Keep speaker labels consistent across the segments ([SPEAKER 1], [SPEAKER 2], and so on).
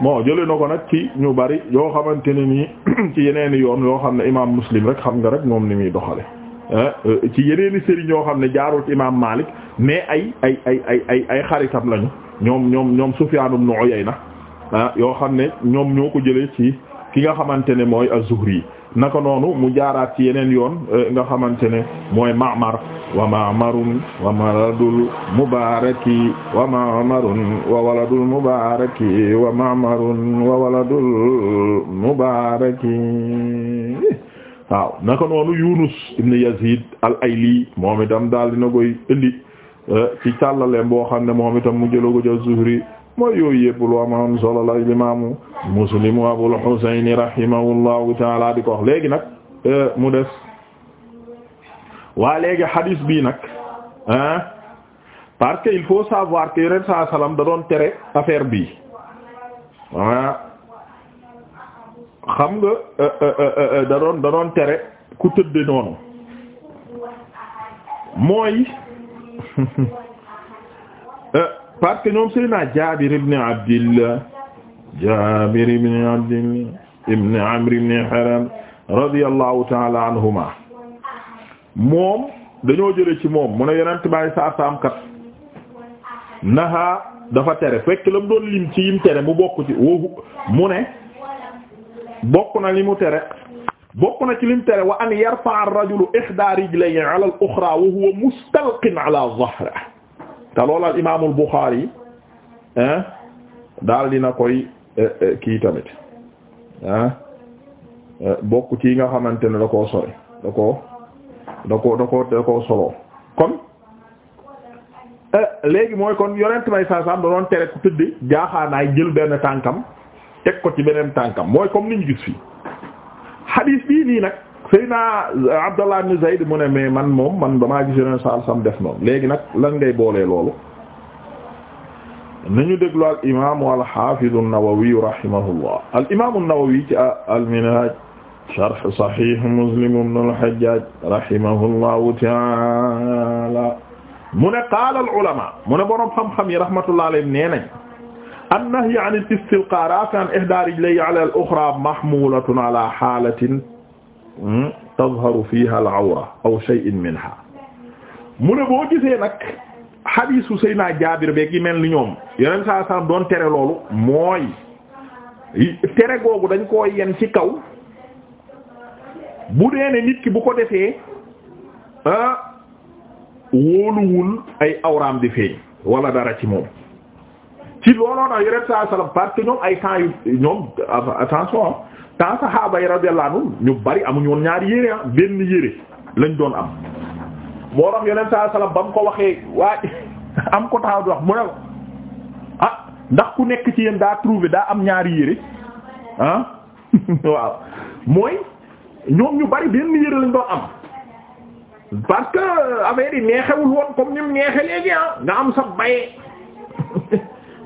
[SPEAKER 1] moo jëlee na ko nag ci ñu bari yoo xamante ne nii ci yeneeni yoon yoo xam ne imaam muslim rek xam nga rek moom ni muy doxale eh, eh, ci yeneeni sëriñ yoo xam ne jaarul imaam Maalik mais ay ay ay ay ay ay xaritam lañu ñoom ñoom ñoom Sufyaan ibn na ah eh, yoo xam ne ñoom ñoo ko jëlee ci ki nga xamante ne mooy az-Zuhri naka noonu mu jaaraat ci yeneen yoon nga xamante ne mooy Ma'mar wa ma'marun wa waladul mubaraki wa ma'marun wa waladul mubaraki wa ma'marun wa waladul mubaraki waaw naka noonu Yunus ibn Yazid al-Ayli moom itam daal dina koy indi eh, ci càllale boo xam ne moom itam mu jëloo ko ca Zuhri mooy yooyu yëpp lu amoon solo la imaamu Muslim Abul Husayn rahimahullahu ta'ala di ko wax léegi nag eh, mu des waa léegi hadis bii nag ah parce que il faut savoir que yeneen saa salaam da doon tere affaire bii ah xam nga euh, euh, euh, da doon da doon tere ku tëdd noonu mooy parce que ñoom Seydina Jaabir ibn Abdillah Jaabir ibn Abdillah ibn Amr ibn Haram radiyallahu ta'ala anhuma moom dañoo jële ci moom mu ne yonent baay saa saam kat naha dafa tere fekk la mu doon lim ci yim tere mu bokk ci woowu mu ne bokk na li mu tere bokk na ci lim tere wa an yarfa ar-rajulu ihda rijlayhi ala al-ukhra wa huwa mustalqin ala dhahrihi te loolu al imaam al-Bukhari daal dina koy eh, eh, kii tamit hein eh, bokk ci yi nga xamante ne da koo sori da ko da ko da ko da ko solo kon eh, léegi mooy kon yonent may saa saam da doon tere ku tëdd jaaxaanaay jël benn tànkam teg ko ci beneen tànkam mooy comme niñ gis fii hadis bii nii nag Seydina Abdallah ibn Zayd mu ne mais man moom man damaa gis yonent saa saam def noonu léegi nag lan ngay boolee loolu nañu déglu al imaamu al xaafidu an-Nawawi rahimahullah al imaamu an-Nawawi ci al Minhaj sharh sahih Muslim ibn al-Hajjaj rahimahullahu ta'ala mu ne qaala al-ulama mu ne boroom xam-xam yi rahmatullah alayhim nee nañ an-nahyu an al-istilqaa rafi'an ihdaa rijlayhi ala al-ukhraa mahmuulatun ala haalatin hmm, tadharu fiiha al-awra aw shay'un minhaa mu ne boo gisee nag hadiisu Seydina Jaabir beeg yi mel ni ñoom yeneen saa saa doon tere loolu mooy tere googu dañ koo yen ci kaw bu dee ne nit ki bu ko defee ah wóoluwul ay awraam di feeñ wala dara ci moom ci looloo tax yore saa salaam parce que ñoom ay temps yu ñoom attention temps saxaaba yi radiyallahu anhum ñu bari amuñu woon ñaari yére ah benn yére lañ doon am. moo tax yore saa salaam ba mu ko waxee waa am ko taxaw di wax mu ne ah ndax ku nekk ci yéen daa trouvé daa am ñaari yére ah waaw mooy. ñoom ñu bari benn yëre lañ doon am parce que affaire yi neexewul woon comme ni mu neexe léegi ah nga am sa baye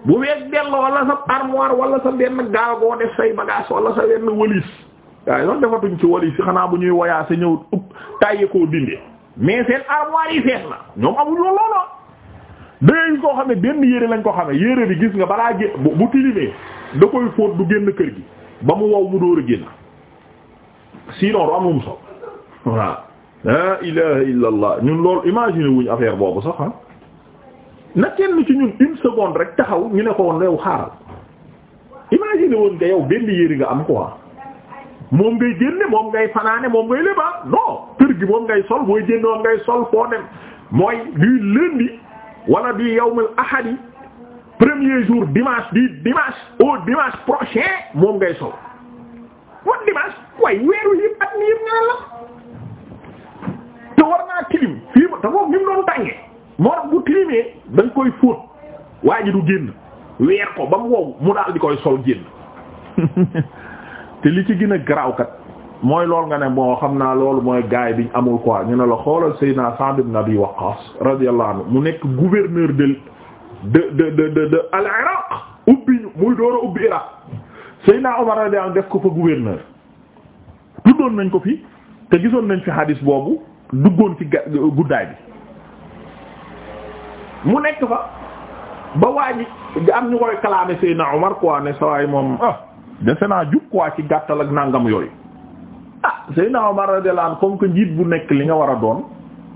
[SPEAKER 1] bu wees delloo wala sa armoire wala sa benn gaagoo def say bagage wala sa benn walis waaye loolu defatuñ ci walis yi xanaa bu ñuy woyaase ñëw ub tàyyi koo dindi mais seen armoire yi fees na ñoom amuñu loolu dangay koo xam ne benn yére lañ ko xame yére bi gis nga balaa gé bu tilimee da koy fóot du génn kër gi ba mu wow mu dóor a génn sinon du amum so voilà la ilaha illa allah ñun loolu imagine wuñ affaire boobu sax ah na kenn ci ñun une seconde rek taxaw ñu ne ko woon reew xaaral imagine woon nga yow benn yéri nga am quoi moom ngay génne moom ngay fanaane moom ngay lébaa non kër gi moom ngay sol booy génne moom ngay sol foo dem mooy du lundi wala du yawmul ahadi premier jour dimanche du dimanche au dimanche prochain moom ngay sol woon dimanche way weeru yëpp at mi yëpp ñaan la te war naa tilim fii te foofu ni mu doon tànge moo tax bu tilimee dañ koy fóot waa ji du génn weer ko ba mu wow mu daal di koy sol génn te li ci gën a garaawkat mooy loolu nga ne moo xam naa loolu mooy gaay biñ amul quoi ñu ne la xoolal Seydina Sa'd ibn Abi Waqqas radiyallahu anhu mu nekk gouverneur de de de de de al Iraq ubbi muy door a ubbi Iraq Seydina Omar radiyallahu anhu def ko fa gouverneur tuddoon nañ ko fi te gisoon nañ fi hadis boobu duggoon ci guddaay bi mu nekk fa ba waa ji am ñu koy kalaame Seydina Omar quoi ne sawaay moom ah defe naa jub quoi ci gàttal ak nàngam yooyu ah Seydina Omar radiyallahu anhu comme que njiit bu nekk li nga war a doon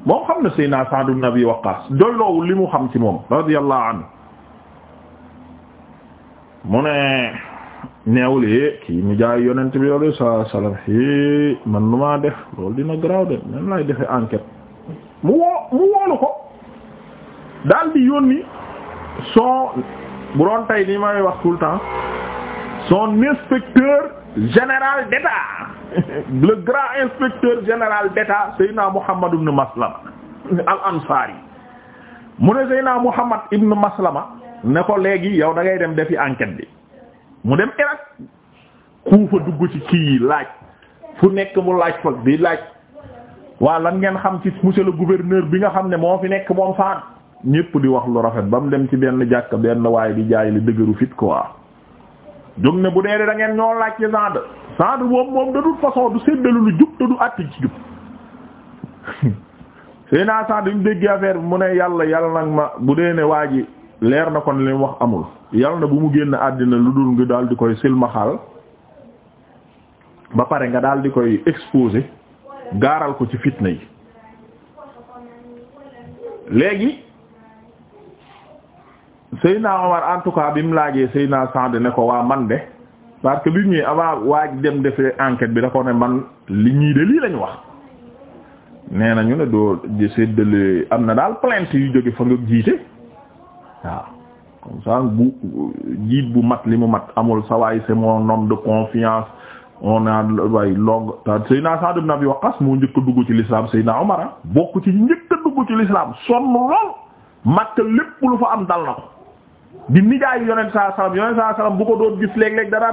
[SPEAKER 1] moom xam na Seydina Sa'd ibn Abi Waqqas doyloowul li mu xam ci moom radiyallahu anhu mu ne new é eh, kii mi jaay yonent bi alayhi salaam é eh, man lu maa def loolu dina garaaw de nan laay defee enquete mu woo mu woolu ko daal di yónni son bu doon tey ni may wax tout le temps son inspecteur général d'état le grand inspecteur général d'état Seydina Muhammad ibn Maslama al-Ansari mu ne Seydina Muhammad ibn Maslama ne ko léegi yow da ngay dem defi enquête bi mu dem Irak kuufa dugg ci kii laaj fu nekk mu laaj fa di laaj waa lan ngeen xam ci monsieur le gouverneur bi nga xam ne moo fi nekk moom faat ñépp di wax lu rafet ba mu dem ci benn jàkk benn waaye di jaay li dëgëru fit quoi jóg ne bu dee da ngeen ñoo laaj ci Saad Saad moom moom de toute façon du séddalu lu jub te du àtt ci jub sëy naa Saad bi mu affaire bi mu ne yàlla yàlla nag ma bu dee ne waa ji leer na kon li mu wax amul yal na bu mu génn àddina lu dul nga daal di koy silmaxaal ba pare nga daal di koy exposer gaaral ko ci fitna yi léegi Seydina Omar en tout cas bi mu laajee sëy Seydina Sa'd ne ko waa man de parce que bi ñuy avant waaj dem defee enquête bi da ko ne man li ñuy de lii lañu wax nee nañu ne doo séddale am na daal plainte yu jóge fa nga jiite waaw comme ça bu jiit bu mat li mu mat amul sawaay c'est mon homme de confiance on a way longue Seydina Sa'd ibn Abi Waqqas moo njëkk a ci lislaam Seydina Omar ah, bokk ci njëkk a ci l'islam sonn lool mat lépp lu fa am dal na ko di nijaayu yonent saa salaam yonent saa bu ko doon gis léeg-léeg da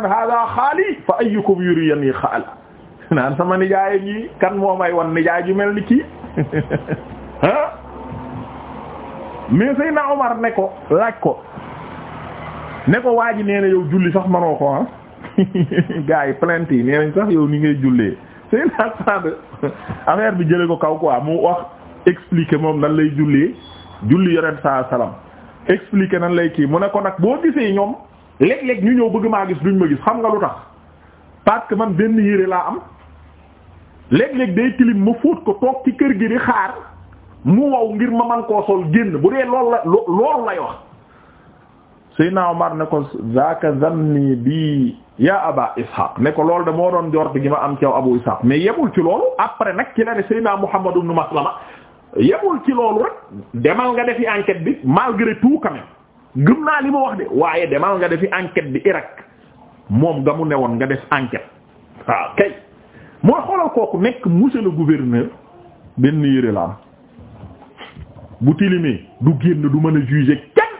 [SPEAKER 1] naan sama nijaay yi kan moo may wan nijaay ju mel ni kii mais na Omar ne ko laaj ko ne ko waa ji nee na yow julli sax manoo ko ah gars yi plainte yi nee nañ sax yow ni ngay jullee Seydina Saad affaire bi jële ko kaw quoi mu wax expliquer moom nan lay jullee julli yonent saa salaam expliquer nan lay kii mu ne ko nag boo gisee ñoom léeg-léeg ñu ñëw bëgg maa gis duñ ma gis xam nga lu tax parce que man benn yére laa am léeg-léeg day tilim ma fóot ko toog ci kër gi di xaar. mu wow ngir ma man koo sol génn bu dee loolu la lay wax Seydina Omar ne ko zaka zanni bi ya aba ishaq ne ko loolu damoo moo doon jort gi ma am ci abu ishaq mais yebul ci loolu après nag ci la ne Seydina Muhammad ibn Maslama yebul ci loolu rek demal nga defi enquête bi malgré tout quand même gëm naa li ma wax de waaye demal nga defi enquête bi Irak moom nga mu woon nga def enquête waaw kay mooy xoolal kooku nekk monsieur le gouverneur benn yére la am bu tilimee du génn du mën a juger kenn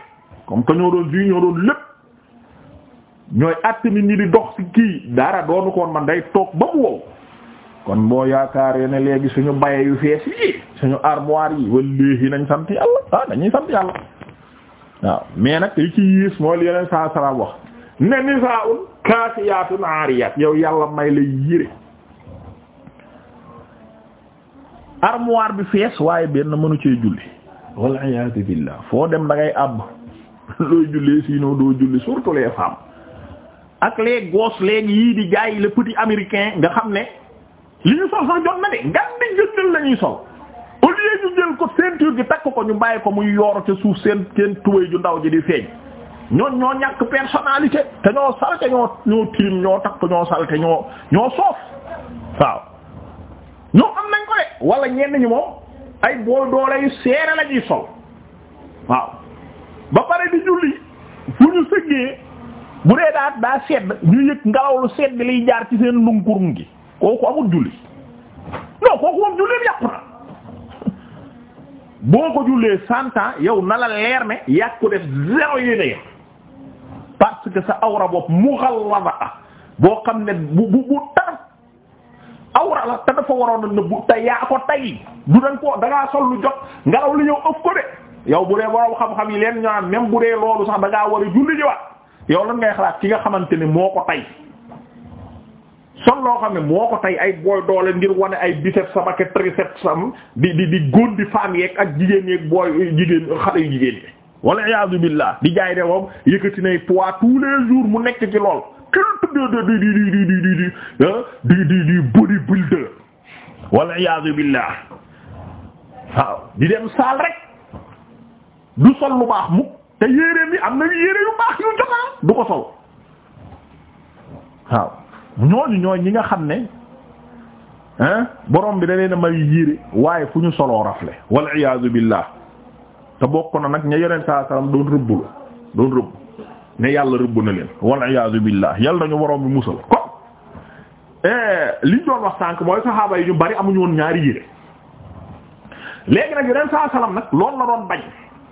[SPEAKER 1] comme que ñoo doon juge ñoo doon lépp ñooy àtt nit di dox ci kii dara doonu koon man day toog ba mu wow kon boo yaakaaree ne léegi suñu baye yu fees yi suñu armoire yi wallahi nañ sant yàlla ah dañuy sant yàlla waaw mais nag li ci yiis mooy li yeneen saa salaam wax ne nisaa'un kaasiyaatun aariyaat yow yàlla may la yére armoire bi fees waaye benn mënu cee julli wal iyaadu billah foo dem da ngay àbb looy jullee sinon doo julli surtout les femmes ak les gosses yii di jaay le petit américain nga xam ne li ñu sol sax jot na de ngan di jëndal la sol au lieu ñu jël ko ceinture gi takk ko ñu bàyyi ko muy yooro ca suuf seen seen tubéy ju ndaw ji di feeñ ñoon ñoo ñàkk personnalité te ñoo salte ñoo ñoo tilim ñoo takk ñoo salte ñoo ñoo soof waaw ñoo am nañ ko de wala ñenn ñi moom ay booy doole yu seere la ñuy sol waaw ba pare di julli fu ñu sëggee bu dee daa daa sedd ñu yëg ngelaw lu sedd liy jaar ci seen ndunkurum gi kooku amul julli non kooku moom julli yàqu na boo ko jullee santa yow na la leer ne yàq def zéro yéene yam parce que sa awra bopp boo xam ne bu bu bu awra la te dafa waroon a nëbbu te yaa ko tay du dañ ko da sol lu jot ngelaw li ñëw ëpp ko de yow bu dee borom xam-xam yi leen ñaan même bu dee loolu sax da ngaa war a julli jiwaat yow lan ngay xalaat ki nga xamante ne moo ko tay sol loo xam ne moo ko tay ay booy doole ngir wane ay biceps sama ak triceps sam di di di góor di femme yeeg ak jigéen yeeg booy jigéen xale yu jigéen yi. wal iyaadu billah di jaay de moom yëkkati nay poids tous les jours mu nekk ci lool. culte de de di di di di di di di di bodybuilder walla iyaazu billaah waaw di dem saal rek du sol lu baax mukk te yéreem yi am na yére yu baax yu joxaam du ko sol waaw ñooñu ñooy ñi nga xam ne hein borom bi da leen a may yére waaye fu ñu soloo rafle walla iyaazu billaah te bokk na nag ña yonent saa salaam doon rëbbul doon rëbb ne yàlla rëbb na leen wal iyaadu billah yàlla nañu waroom bi musal ko eh, liñ doon wax sànk mooy saxaaba yi ñu bari amuñu woon ñaari yére léegi nag yeneen saa salaam nag loolu la doon bañ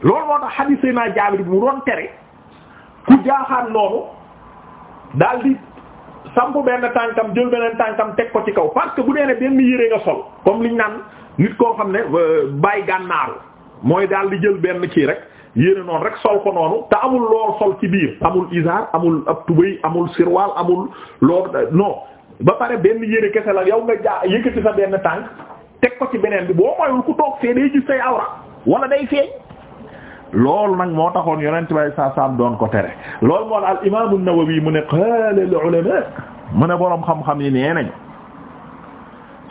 [SPEAKER 1] loolu moo tax xadiis Seydina Jaabir bi mu doon tere ku jaaxaan loolu daal di samp benn tànkam jël beneen tànkam teg ko ci kaw parce que bu nee ne benn yére nga sol comme liñ naan nit koo xam ne euh, bàyyi gànnaaru mooy daal di jël benn kii rek yére noonu rek sol ko noonu te amul lool sol ci biir amul izar amul ab tubéy amul sirwaal amul lool non ba pare benn yére kese la yow nga jaa yëkkati sa benn tànk teg ko ci beneen bi boo moyul ku toog fee day gis say awra wala day feeñ loolu nag moo taxoon yonent bay saa saam doon ko tere loolu moo al imam nawawi mu ne qaala al-ulama mu ne boroom xam-xam yi nee nañu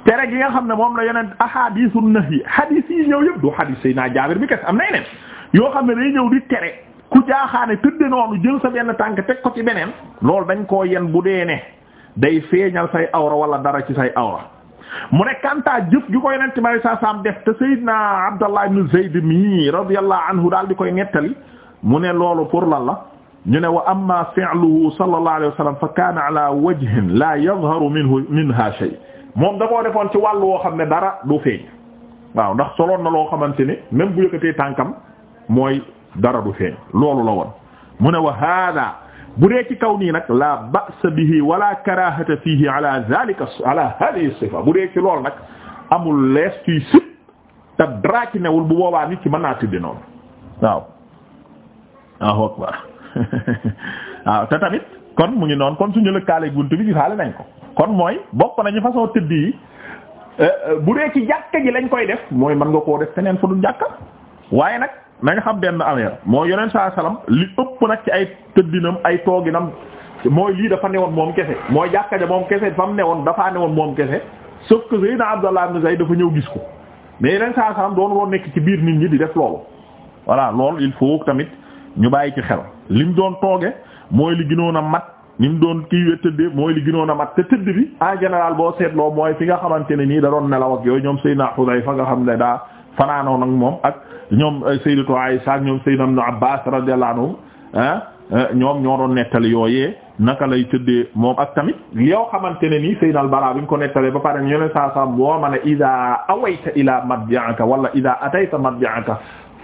[SPEAKER 1] tere gi nga xam ne moom la yonent ahadiisu nahyi hadiis yi ñëw yëpp du hadiis bi kese am na yeneen yoo xam ne day ñëw di tere ku jaaxaane tëdde noonu jël sa benn tànk teg ko ci beneen loolu dañ koo yen bu dee ne day feeñal say awra wala dara ci say awra mu ne kantaa jëf gi ko yonent bi saa saam def te Seydina Abdallah ibn Zayd mi radiyallahu anhu daal di koy nettali mu ne loolu pour lan la ñu ne wa amma fi'luhu sallallahu alayhi wa sallam fa kaana ala wajhin la yadharu minhu minha shay moom da koo defoon ci wàllu woo xam ne dara du feeñ waaw ndax soloon na loo xamante ni même bu tànkam mooy dara du feeñ loolu la woon mu ne wa hada bu dee ci kaw nii nag la ba'sa bihi wala karahata fihi ala zalika ala hadhihi ci loolu nag amul lees ciy sib te dara ci newul bu boobaa nit ci mën naa tudde noonu waaw waaw ok waaw te tamit kon mu ngi noon kon suñu lëkkaale buntu bi gisaale nañ ko kon mooy bokk nañu façon tëdd yi eh, eh, bu dee ci jàkka ji lañ koy def mooy mën nga koo def feneen fu du jàkka waaye nag nañ xam benn affaire moo yonent saa salaam li ëpp nag ci ay tëddinam ay tooginam mooy lii dafa newoon moom kese mooy jàkka ja moom kese fa mu newoon dafaa woon moom kese sauf que Seydina Abdallah ibn Zayd dafa ñëw gis ko mais yeneen saa salaam doon woon nekk ci biir nit ñi di def loolu. voilà loolu il faut tamit ñu bàyyi ci xel lim doon tooge mooy li gënoon a mat ni mu doon kii we tëddee mooy li gënoon a mat te tëdd bi en général boo seetloo mooy fi nga xamante ne nii da doon nelaw ak yooyu ñoom Seydina Hudayfa nga xam ne daa. fanaanoo nag moom ak ñoom euh, sayyidatu Aisha ak ñoom sayyidna Ibn Abbas radiyallahu anhu euh, ñoom ñoo doon nettali yooyee naka lay tëddee moom ak tamit yow xamante ne nii sayyidna al-Bara bi ko nettalee ba pare ñu ne saa saa boo mën a idaa awayta ila madja'aka wala idaa atayta madja'aka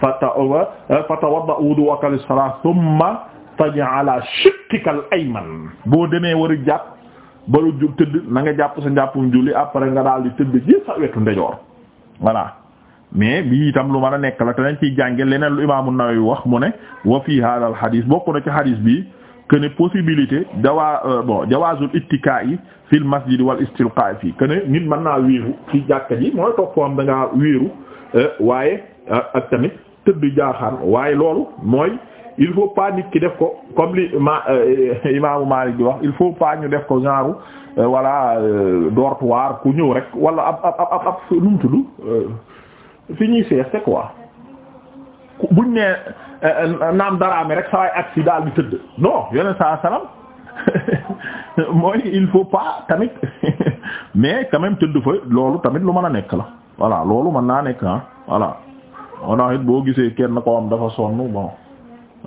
[SPEAKER 1] euh, fatawadda wudu'aka lis-salaa thumma taj'al ala shittika al-ayman boo demee war a jàpp baru jub tëdd na nga jàpp sa njàppum julli après nga daal di tëdd ji sa wetu ndejoor voilà mais bi itam lu mën a nekk la te dañ ciy jànge leneen lu imaamu Nawawi wax mu ne wa fii hada al bokk na ci hadis bi que ne possibilité dawaa euh, bon jawaazul ittikaa yi fil masjid wal istilqaa fii que ne nit mën naa wéeru ci jàkka ji mooy toog foo am da ngaa euh, waaye euh, ak tamit tëdd jaaxaan waaye loolu mooy il faut pas nit ki def ko comme li ma imaamu wax il faut pas ñu def ko genre voilà dortoir ku ñëw rek wala ab ab ab ab nu fi ñuy seeste quoi buñ nee euh, naam daraame rek sawaay aksi daal di tëdd non yoneen saa salaam mooy il faut pas tamit mais quand même tëdd fa loolu tamit lu mën a nekk la voilà loolu mën naa nekk ah voilà on a it boo gisee kenn ko am dafa sonn bon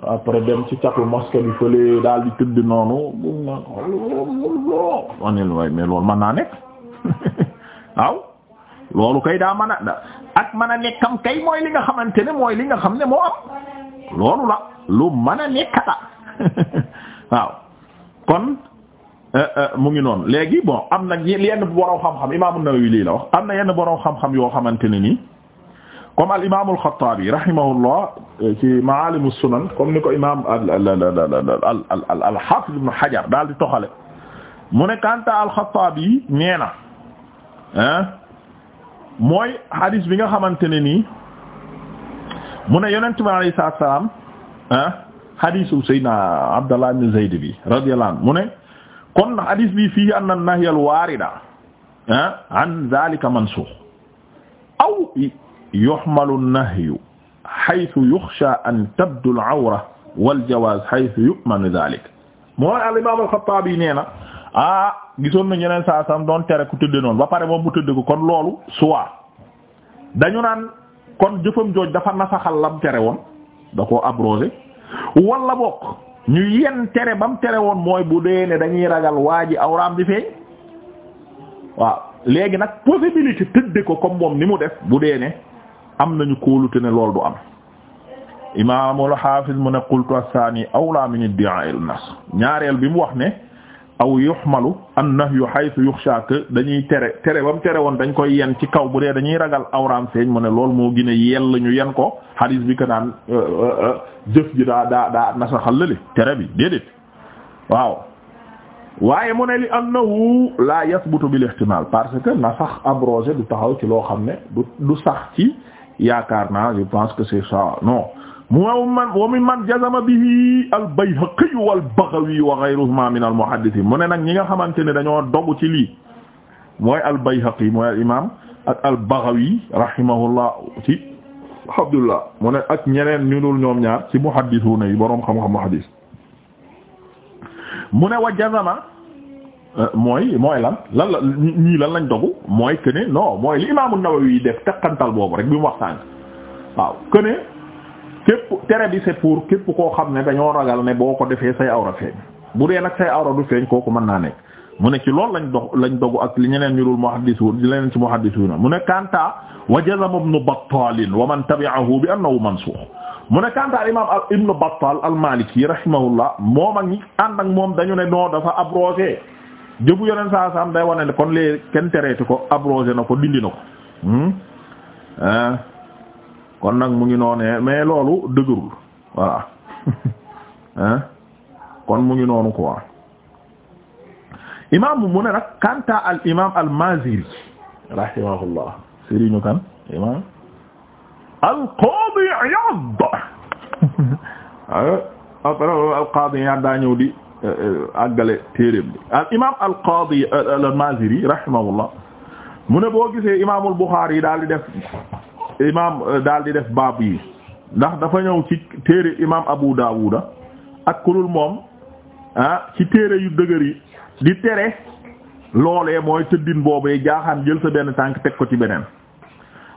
[SPEAKER 1] après dem ci catu mosquée bi fële daal di tëdd noonu ma ne oh, la waaye loolu mën naa nekk waaw loolu kay daa mën a ak mën a nekkam kay mooy li nga xamante ne mooy li nga xam ne moo am loolu la lu mën a nekkata waaw kon eh, eh, mu ngi noonu léegi bon am na yenn borom xam-xam imaam an-Nawawi lii la wax am na yenn borom xam-xam yoo xamante ne nii comme al imaam al-Xattaabi rahimahullah eh, ci Maalim as-Sunan comme ni ko imaam al al al al al Haafiz Ibn Hajar daal di toxale mu ne Kanta al-Xattaabi nee na ah. mooy hadis bi nga xamante ne nii mu ne yonent bi alayhi salaatu salaam ah hadisu Seydina Abdallah ibn Zayd bi radiyallahu anhu mu ne kon hadis bi fii anna an-nahya al-waarida ah an zaalika mansuux aw yuhmalu an-nahyu haythu yukhsha an tabdu al-awra wal jawaaz haythu yu'manu zaalika moo al-imaam al-Xattaabi nee na ah gisoon nañ yeneen saa sam doon tere ku tëdd noonu ba pare moom mu tëdd ko kon loolu soit dañu naan kon jëfam jooj dafa nasaxal lam tere woon da koo abrogé wala bokk ñu yenn tere bam tere woon mooy bu dee ne dañuy ragal waa ji awraam di feeñ waaw léegi nag possibilité tëdd ko comme moom ni mu def bu dee ne am nañu kóolute ne loolu du am imaamul hafiz mu ne qultu as-sani awla min iddi'a al-nas ñaareel bi mu wax ne aw yuhmalu annahyu haythu yukhsha dañuy tere tere ba mu tere woon dañ koy yen ci kaw bu dee dañuy ragal awraam feeñ mu ne loolu moo gin a yell ñu yen ko hadis bi ka naan euh, euh, euh, jëf ji daa daa daa nasaxal lële tere bi déedéet waaw waaye mu ne li annahu la yasbutu bil ihtimal parce que na sax abrogé du taxaw ci loo xam ne du du sax ci yaakaar naa je pense que c'est ça non mu man wa man jazama bihi al-Bayhaqi wal-Baghawi wa ghayruhuma min al-muhaddithin mu ne nag ñi nga xamante ne dañoo dogu ci lii mooy al-Bayhaqi mooy al-imam ak al-Baghawi rahimahullah ci Abdullah mu ne ak ñeneen ñu dul ñoom ñaar ci muhaddithuna yi boroom xam-xamu hadith mu ne wa jazama euh, mooy mooy lan lan la ñii lan lañ dogu mooy que ne non mooy li imaamu Nawawi def teqantal boobu rek bi mu wax sànq waaw que tere bi c'est pour képp koo xam ne dañoo ragal ne boo ko defee say awra feeñ bu dee nag say awra du feeñ kooku mën naa nekk mu ne ci loolu lañ dox lañ dogu ak li ñeneen ñu dul muhaddisuun di leneen ci muhaddisuuna mu ne Kanta wa jazama ibnu Battaal wa man tabi'ahu bi annahu mansuux mu ne Kanta imaam al ibnu Battaal al Maaliki rahimahullah moom ak ñi ànd ak moom dañu ne non dafa abrogé jëfu yeneen saa saam day wane ne kon lee kenn tereeti ko abrogé na ko dindi na ko. Hmm? Ah. kon nag mu ngi noonee mais loolu dëgërul voilà hein kon mu ngi noonu quoi imaam mu ne nag kanta al imaam al maziri rahimahullah sëriñu kan imaam al qadi iyad al qadi iyad daa ñëw di euh, euh, àggale téereem bi al imaam al qadi euh, al maziri rahimahullah mu ne boo gisee imaamul buxaari yi daal di def imaam euh, daal di def baab yi ndax dafa ñëw ci téere imaam Abu Daawuda ak kulul moom ah ci téere yu dëgër yi di tere loole mooy tëddin boobee jaaxaan jël sa benn tànk teg ko ci beneen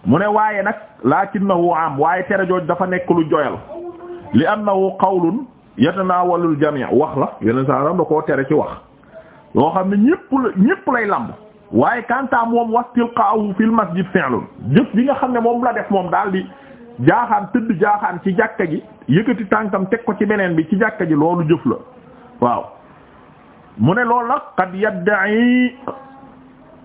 [SPEAKER 1] mu ne waaye nag lakinnahu am waaye tere jooj dafa nekk lu joyal li annahu naa yatanawalul jami' wax la yeneen saa da koo tere ci wax loo xam ne ñépp ñépp lay lamb waaye kanta moom was tilqaahu fil masjid fi'lun jëf bi nga xam ne moom la def moom daal di jaaxaan tëdd jaaxaan ci jàkka ji yëkkati tànkam teg ko ci beneen bi ci jàkka ji loolu jëf la waaw mu ne loolu nag qad yadda'i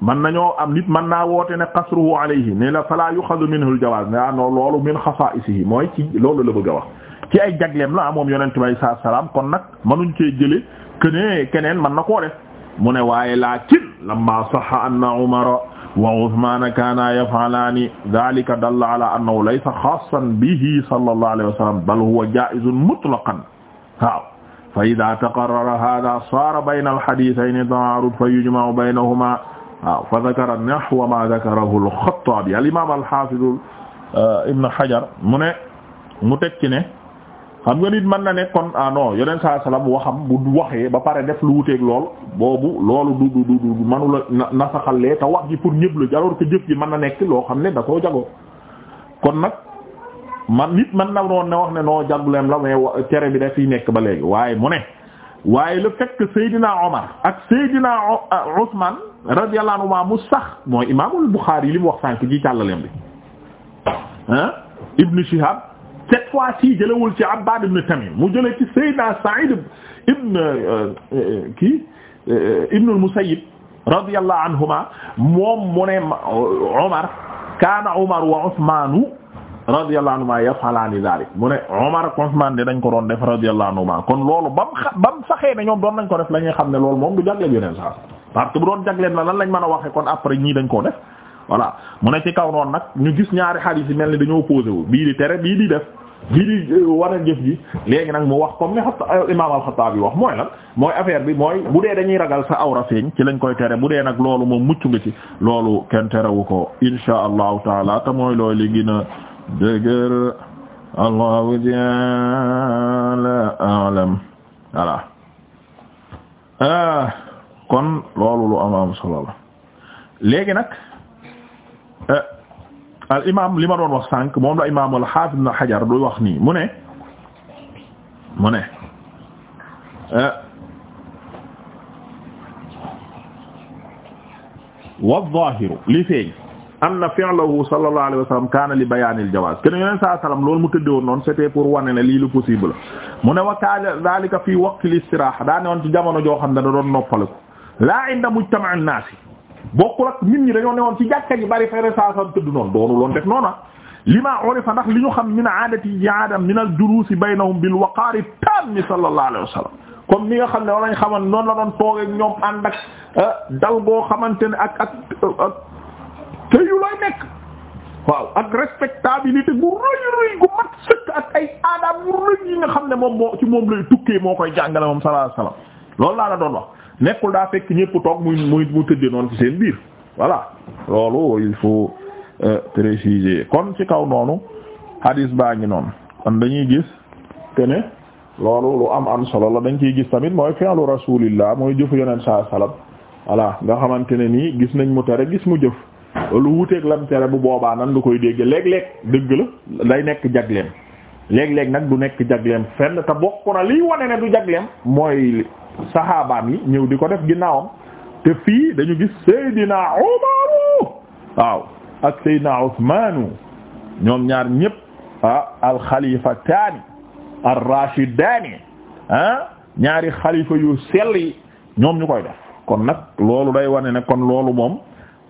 [SPEAKER 1] man nañoo am nit man naa woote ne qasruhu alayhi ne la fala yuxadu minhu al jawaaz ne ah no loolu min xasaa'isihi mooy ci loolu la bëgg a wax ci ay jagleem la moom yonent bi sallallahu alayhi wasallam kon nag mënuñ cee jële que ne keneen man na koo mu ne waaye lakin lamma sahha anna umara wa uthman kana yaf'alani dhalika dalla ala annahu laysa khassan bihi sallallahu alayhi wa sallam bal huwa ja'izun mutlaqan waaw fa idha taqarrara hadha sara bayna al-hadithayni ta'arud fa yujma'u baynahuma waaw fa dhakara nahwa ma dhakarahu al-khattabi al-imam al-hafiz uh, ibn hajar mu ne mu tekki ne xam nga nit mën na ne kon ah non yeneen saa salaam waxam bu waxee ba pare def lu wuteeg lool boobu loolu du du du manula nasaxalee te wax ji pour ñëpp la alors que jëf ji mën na nekk loo xam ne da koo jagoo kon nag man nit man na noon ne wax ne noo jagleem la mais cere bi daf fiy nekk ba léegi waaye mu ne waaye la fait que Seydina Omar ak Seydina ah, Ousmane radiyallahu anhuma mu sax mooy Imaamul Bukhari li mu wax sànk ji càllaleem bi Ibn Shihab cette fois-ci jëlewul ci Abbad ibn Tamim mu jële ci Seydina Sa'id ibn euh, euh, kii euh, ibn al-Musayyib radiyallahu anhuma moom mu ne Omar kaana Omar wa Usmaanu radiyallahu anhuma yafalaani daalik mu ne Omar ak Usmaan de dañ ko doon def radiyallahu anhuma kon loolu bam ba bam saxee ne ñoom doon nañ ko def la ñuy xam ne loolu moom du jagleel yeneen sax parce bu doon jagleel la lan lañ mën a waxee kon après ñii dañ koo def voilà mu ne ci kaw noonu nag ñu gis ñaari xadiis yi mel ni dañoo posé wu di tere lii di euh, war a jëf ji léegi nag mu wax comme ni xatta euh, imaam al wax mooy lan mooy affaire bi mooy bu dee dañuy ragal sa awra feeñ ci lañ koy tere bu dee nag loolu moom mucc nga ci loolu kenn terewu ko insha allahu taala mooy loolu li gën a dëgër ah, lu am am solo léegi nag euh, al imaam li ma doon wax sànq moom la imaam al xaafid ibn Hajar du wax nii mu ne mu ne eh, waz-zaahiru li feeñ anna fi'lahu sallallahu alayhi wa sallam kaana li bayaanil jawaaz kenn yeneen saa salaam loolu mu tëddee woon noonu c'était pour wane ne lii lu possible mu ne wa kaana daalika fii waqtil istiraaha daa ne woon ci jamono joo xam ne da doon noppaliku laa inda mujtama'in naas bokkul ak nit ñi dañoo newoon ci jàkka ji bari fa yore saa saa tëdd noonu doonu loon def noona li maa urifa ndax li ñu xam min aadati yi aadam min al juluusi baynahum bil waqaari taam sallallahu alayhi wa sallam comme ni nga xam ne wala ñu noonu la doon toog ñoom ànd ak euh, dal boo xamante ne ak ak ak te nekk waaw ak respectabilité bu rëy rëy gu mat sëkk ak ay aadam bu rëy yi nga xam ne moom moo ci moom lay tukkee moo koy jàngale moom sallallahu loolu laa la doon wax nekkul daa fekk ñëpp toog muy muy mu tëddee noonu ci seen biir voilà loolu il faut euh, préciser kon ci kaw noonu hadis baa ngi noonu kon dañuy gis que loolu lu am am solo la dañ ciy gis tamit mooy fi'lu rasulillah mooy jëfu yonent sa salam voilà nga xamante ne nii gis nañ mu tere gis mu jëf lu wuteeg lam tere bu boobaa nan du koy dégg léeg-léeg dëgg la day nekk jagleem léeg-léeg nag du nekk jagleem fenn te bokk na liy wane ne du jagleem mooy saxaabaam yi ñëw di ko def ginnaawam te fii dañu gis Seydina Umaru waaw ak Seydina Usmaanu ñoom ñaar ñëpp ah alxalifataani arrashidaani ah ñaari xalifa yu sel yi ñoom ñu koy def kon nag loolu day wane ne kon loolu moom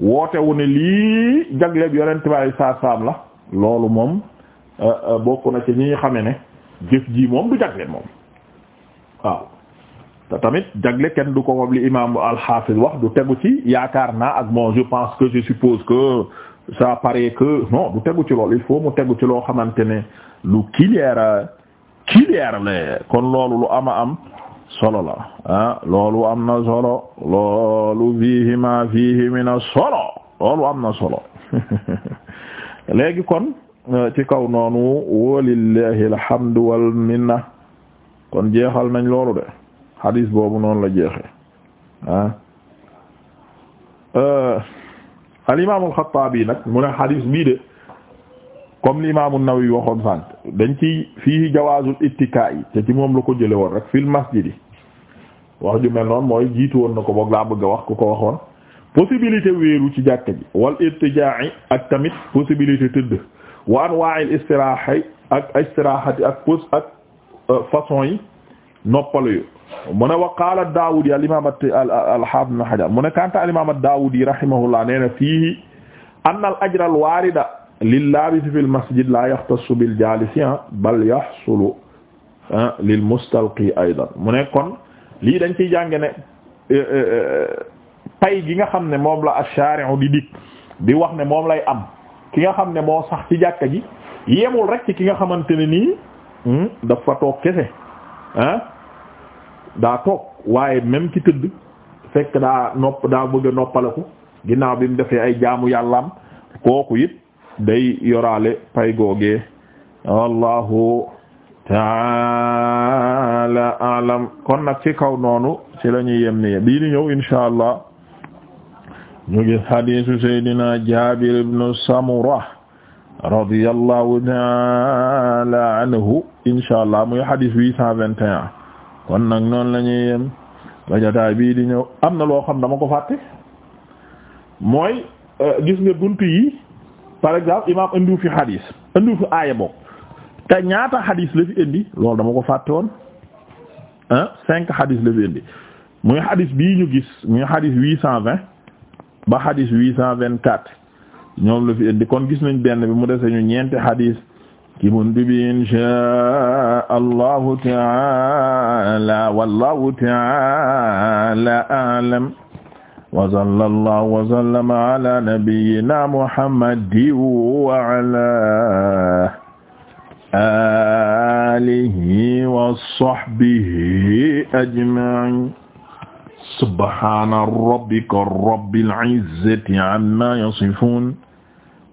[SPEAKER 1] wootewu wu ne lii jagleb yonent bi saa saam la loolu moom euh, euh, bokk na ci ñi xame ne jëf ji moom du jagleel moom waaw te tamit jagle kenn du ko wob li imam al wax du tegu ci yaakaar naa ak moo je pense que je suppose que ça paraît que non du tegu ci loolu il faut mu tegu ci loo xamante ne lu clair clair la kon loolu lu ama am solo la ah loolu am na solo loolu fiihi ma fiihi mina solo loolu am na solo léegi kon euh, ci kaw noonu walillahi alhamdu wal minna kon jeexal nañ loolu de xadis boobu noonu la jeexe ah euh, al imaam al nag mu ne xadis bii de comme l'imam an-Nawawi waxoon sànq dañ ci fii jawaazul ittikaa yi ci moom la ko jële woon rek fil masjid wax ju mel noonu mooy jiitu woon na ko boog laa bëgg a wax ko ko waxoon possibilité wéeru ci jàkka ji wal irtijaa'i ak tamit possibilité tëdd wa anwaa'il istiraaha yi istirahati ak pos ak euh, façon yi noppalu yu mu ne wa qaala Daawudi al imaam al-Haafiz ibn Hajar mu ne kaanta al imaam ad-Daawudi rahimahullah nee na fiihi anna al ajra al waarida lillaabisi fil masjid laa yaxtassu bil jaalisi ah, bal yaxsulu ah, lil mustalqi aydan mu ne lii dañ ciy jànge ne eh, eh, eh, pay nga xam ne moom la ash-shaari'u di wax ne moom lay am ki nga xam ne moo sax ci ji yemul rek ci ki nga xamante ne nii hmm, dafa toog kese ah, daa toog waaye même ki tëdd fekk daa nopp daa bëgg a ginnaaw bi mu defee ay jaamu yàllaam kooku it day yoraale pay googee wallahu taala alam kon nag ci kaw noonu ci la ñuy yem ni bii di ñëw insha allah ñu ngi hadiisu seydina jabir ibnu samura radiyallahu taala anhu insha allah muy hadiis huit cent vingt et un kon nag noonu la ñuy yem ba bii di ñëw am na loo xam dama ko fàtte mooy euh, gis nga buntu yi par exemple imaam indiw fi xadiis indiw fi aaya bokk te ñaata xadis la fi indi loolu dama ko fàtte woon ah cinq xadiis la fi indi muy xadiis bii ñu gis muy xadiis huit cent vingt ba xadiis huit cent vingt quatre ñoom la fi indi kon gis nañ benn bi mu dese ñu ñeenti xadiis ci bunt bi insha allahu taala wallahu taala a'lam wa sallallahu wa sallama ala nabiyyina muhammadin wa ala alihi wa sahbihi ajma'in subhana rabbika rabbil izzati amma yasifun